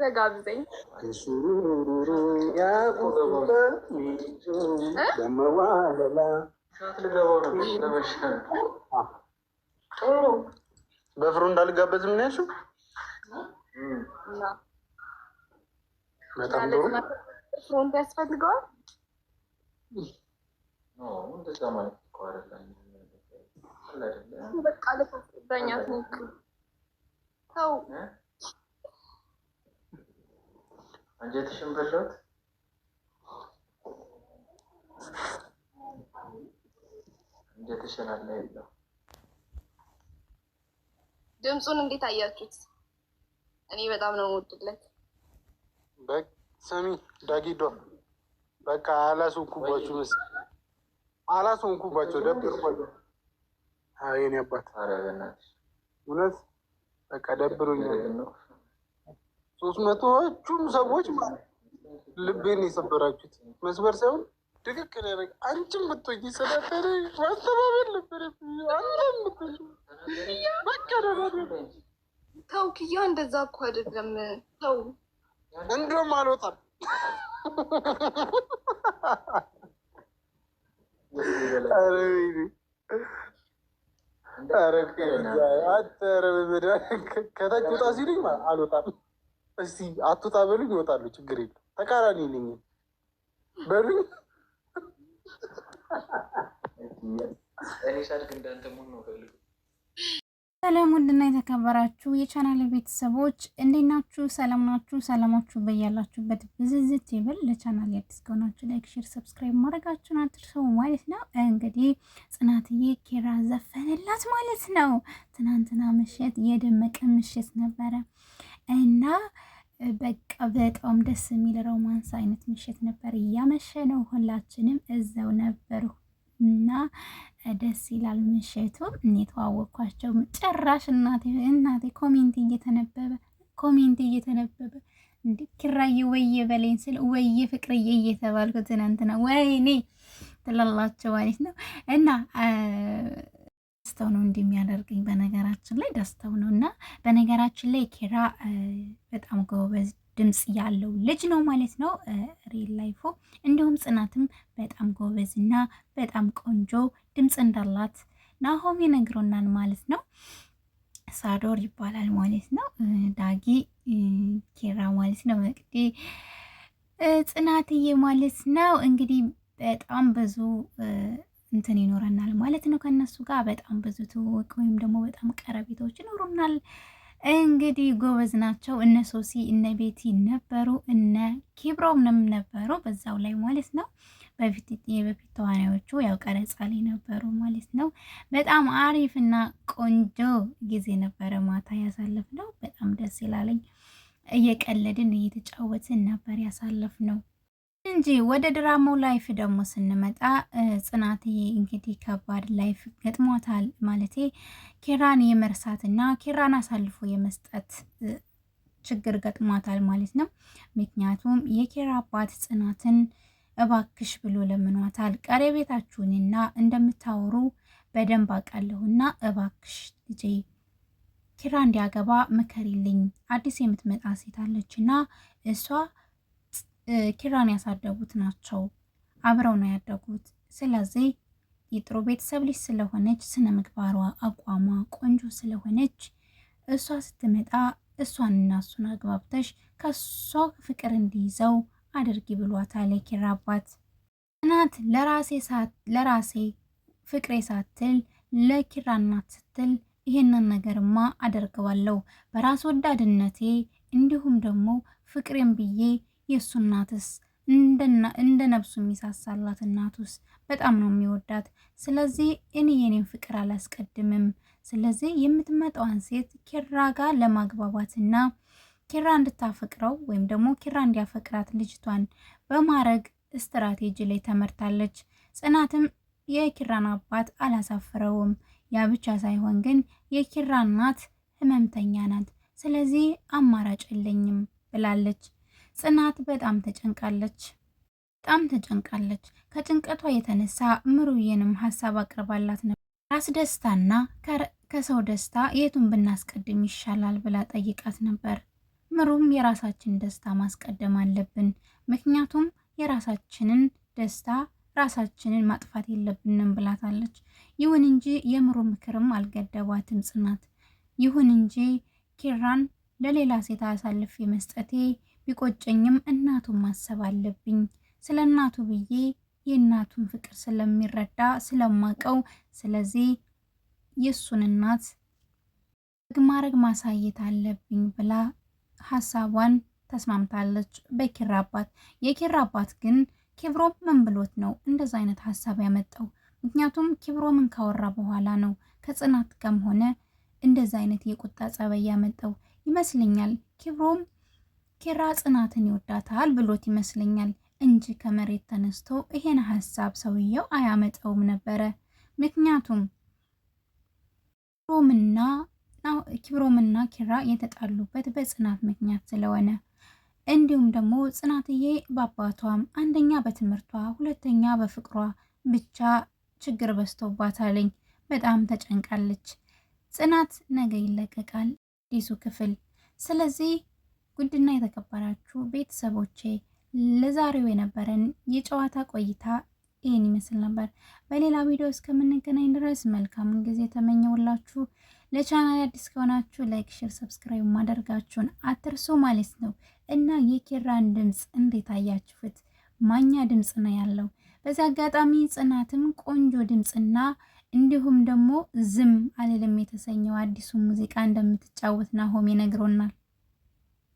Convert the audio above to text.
ተጋብዘኝ በፍሩ እንዳልጋበዝ ምን ያልሽው? በጣም ጥሩ ፍሮንት ያስፈልገዋል። አንጀትሽን በላሁት። አንጀትሽን አለ የለው። ድምፁን እንዴት አያችሁት? እኔ በጣም ነው ወድለት። በሰሚ ዳጊዶ በቃ አላስንኩባችሁ ምስ አላስንኩባችሁ ደብር የኔ አባት እውነት በቃ ደብሮኛል ነው ሶስት መቶዎቹም ሰዎች ማለት ልቤን የሰበራችሁት መስበር ሳይሆን ትክክል ያደረግ አንቺም ብትሆኝ ሰዳተሪ ማስተባበል ነበር። አንተም ብትሆኝ በቃ ተው ክያ፣ እንደዛ እኮ አይደለም። ተው እንደውም አልወጣም። ኧረ ከተች ውጣ ሲሉኝ አልወጣም እስቲ አቱታ በሉኝ፣ ይወጣሉ። ችግር የለም ተቃራኒ ነኝ በሉኝ። ሰላም ውድና የተከበራችሁ የቻናል ቤተሰቦች እንዴት ናችሁ? ሰላም ናችሁ? ሰላማችሁ በያላችሁበት ብዝዝት ይበል። ለቻናል አዲስ ከሆናችሁ ላይክ፣ ሼር፣ ሰብስክራይብ ማድረጋችሁን አትርሱ ማለት ነው። እንግዲህ ጽናትዬ ኪራ ዘፈነላት ማለት ነው። ትናንትና ምሽት የደመቀ ምሽት ነበረ። እና በቃ በጣም ደስ የሚል ሮማንስ አይነት ምሽት ነበር እያመሸ ነው። ሁላችንም እዛው ነበሩ እና ደስ ይላል ምሽቱ። እኔ የተዋወቅኳቸው ጭራሽ እናቴ እናቴ ኮሜንት እየተነበበ ኮሜንት እየተነበበ እንዲ ኪራዬ ወየ በለኝ ስል ወየ ፍቅርዬ እየተባልኩ ትናንትና ወይኔ ትላላቸው ማለት ነው እና ደስታው ነው እንደሚያደርገኝ በነገራችን ላይ ደስታው ነው እና በነገራችን ላይ ኬራ በጣም ጎበዝ ድምፅ ያለው ልጅ ነው ማለት ነው ሪል ላይፎ። እንዲሁም ጽናትም በጣም ጎበዝ እና በጣም ቆንጆ ድምፅ እንዳላት ናሆም ይነግሮናል ማለት ነው። ሳዶር ይባላል ማለት ነው። ዳጊ ኬራ ማለት ነው። እንግዲህ ጽናትዬ ማለት ነው። እንግዲህ በጣም ብዙ እንትን ይኖረናል ማለት ነው። ከእነሱ ጋር በጣም ብዙ ትውውቅ ወይም ደግሞ በጣም ቀረቤታዎች ይኖሩናል። እንግዲህ ጎበዝ ናቸው። እነ ሶሲ እነ ቤቲ ነበሩ፣ እነ ኪብሮምንም ነበሩ በዛው ላይ ማለት ነው። በፊት የበፊት ተዋናዮቹ ያው ቀረጻ ላይ ነበሩ ማለት ነው። በጣም አሪፍና ቆንጆ ጊዜ ነበረ ማታ ያሳለፍ ነው። በጣም ደስ ይላለኝ። እየቀለድን እየተጫወትን ነበር ያሳለፍ ነው። እንጂ ወደ ድራማው ላይፍ ደግሞ ስንመጣ ጽናትዬ እንግዲህ ከባድ ላይፍ ገጥሟታል። ማለቴ ኪራን የመርሳትና ኪራን አሳልፎ የመስጠት ችግር ገጥሟታል ማለት ነው። ምክንያቱም የኪራ አባት ጽናትን እባክሽ ብሎ ለምኗታል። ቀሪ ቤታችሁንና እንደምታወሩ በደንብ አቃለሁና እባክሽ ልጄ ኪራ እንዲያገባ ምከሪልኝ፣ አዲስ የምትመጣ ሴት አለችና እሷ ኪራን ያሳደጉት ናቸው፣ አብረው ነው ያደጉት። ስለዚህ የጥሩ ቤተሰብ ልጅ ስለሆነች ስነ ምግባሯ፣ አቋሟ ቆንጆ ስለሆነች እሷ ስትመጣ እሷንና እሱን አግባብተሽ ከሷ ፍቅር እንዲይዘው አድርጊ ብሏታል የኪራ አባት። እናት ለራሴ ፍቅሬ ሳትል ለኪራ እናት ስትል ይህንን ነገርማ አደርገዋለሁ በራስ ወዳድነቴ እንዲሁም ደግሞ ፍቅሬን ብዬ የእሱ እናትስ እንደ ነብሱ የሚሳሳላት እናቱስ በጣም ነው የሚወዳት። ስለዚህ እኔ የኔን ፍቅር አላስቀድምም። ስለዚህ የምትመጣዋን ሴት ኪራ ጋር ለማግባባትና ኪራ እንድታፈቅረው ወይም ደግሞ ኪራ እንዲያፈቅራት ልጅቷን በማድረግ ስትራቴጂ ላይ ተመርታለች። ጽናትም የኪራን አባት አላሳፍረውም። ያ ብቻ ሳይሆን ግን የኪራ እናት ህመምተኛ ናት። ስለዚህ አማራጭ የለኝም ብላለች። ጽናት በጣም ተጨንቃለች በጣም ተጨንቃለች። ከጭንቀቷ የተነሳ ምሩዬንም ሀሳብ አቅርባላት ነበር። ራስ ደስታና ከሰው ደስታ የቱን ብናስቀድም ይሻላል ብላ ጠይቃት ነበር። ምሩም የራሳችን ደስታ ማስቀደም አለብን፣ ምክንያቱም የራሳችንን ደስታ ራሳችንን ማጥፋት የለብንም ብላታለች። ይሁን እንጂ የምሩ ምክርም አልገደባትም ጽናት። ይሁን እንጂ ኪራን ለሌላ ሴት አሳልፌ መስጠቴ ቢቆጨኝም እናቱን ማሰብ አለብኝ። ስለ እናቱ ብዬ የእናቱን ፍቅር ስለሚረዳ ስለማቀው፣ ስለዚህ የእሱን እናት ግማረግ ማሳየት አለብኝ ብላ ሀሳቧን ተስማምታለች በኪራ አባት። የኪራ አባት ግን ኪብሮም ምን ብሎት ነው እንደዛ አይነት ሀሳብ ያመጣው? ምክንያቱም ኪብሮምን ካወራ በኋላ ነው ከጽናት ጋርም ሆነ እንደዛ አይነት የቁጣ ጸበይ ያመጣው ይመስለኛል ኪብሮም ኪራ ጽናትን ይወዳታል ብሎት ይመስለኛል እንጂ ከመሬት ተነስቶ ይሄን ሀሳብ ሰውየው አያመጣውም ነበረ። ምክንያቱም ኪብሮምና ኪራ የተጣሉበት በጽናት ምክንያት ስለሆነ እንዲሁም ደግሞ ጽናትዬ በአባቷም አንደኛ በትምህርቷ ሁለተኛ በፍቅሯ ብቻ ችግር በዝቶባታለኝ። በጣም ተጨንቃለች። ጽናት ነገ ይለቀቃል አዲሱ ክፍል። ስለዚህ ውድና የተከበራችሁ ቤተሰቦቼ ለዛሬው የነበረን የጨዋታ ቆይታ ይህን ይመስል ነበር። በሌላ ቪዲዮ እስከምንገናኝ ድረስ መልካሙን ጊዜ ተመኘውላችሁ። ለቻናል አዲስ ከሆናችሁ ላይክ፣ ሼር፣ ሰብስክራይብ ማደርጋችሁን አትርሱ ማለት ነው እና የኪራን ድምፅ እንዴት አያችሁት? ማኛ ድምፅ ነው ያለው። በዚህ አጋጣሚ ጽናትም ቆንጆ ድምፅና እንዲሁም ደግሞ ዝም አልልም የተሰኘው አዲሱ ሙዚቃ እንደምትጫወት ናሆም ይነግሮናል።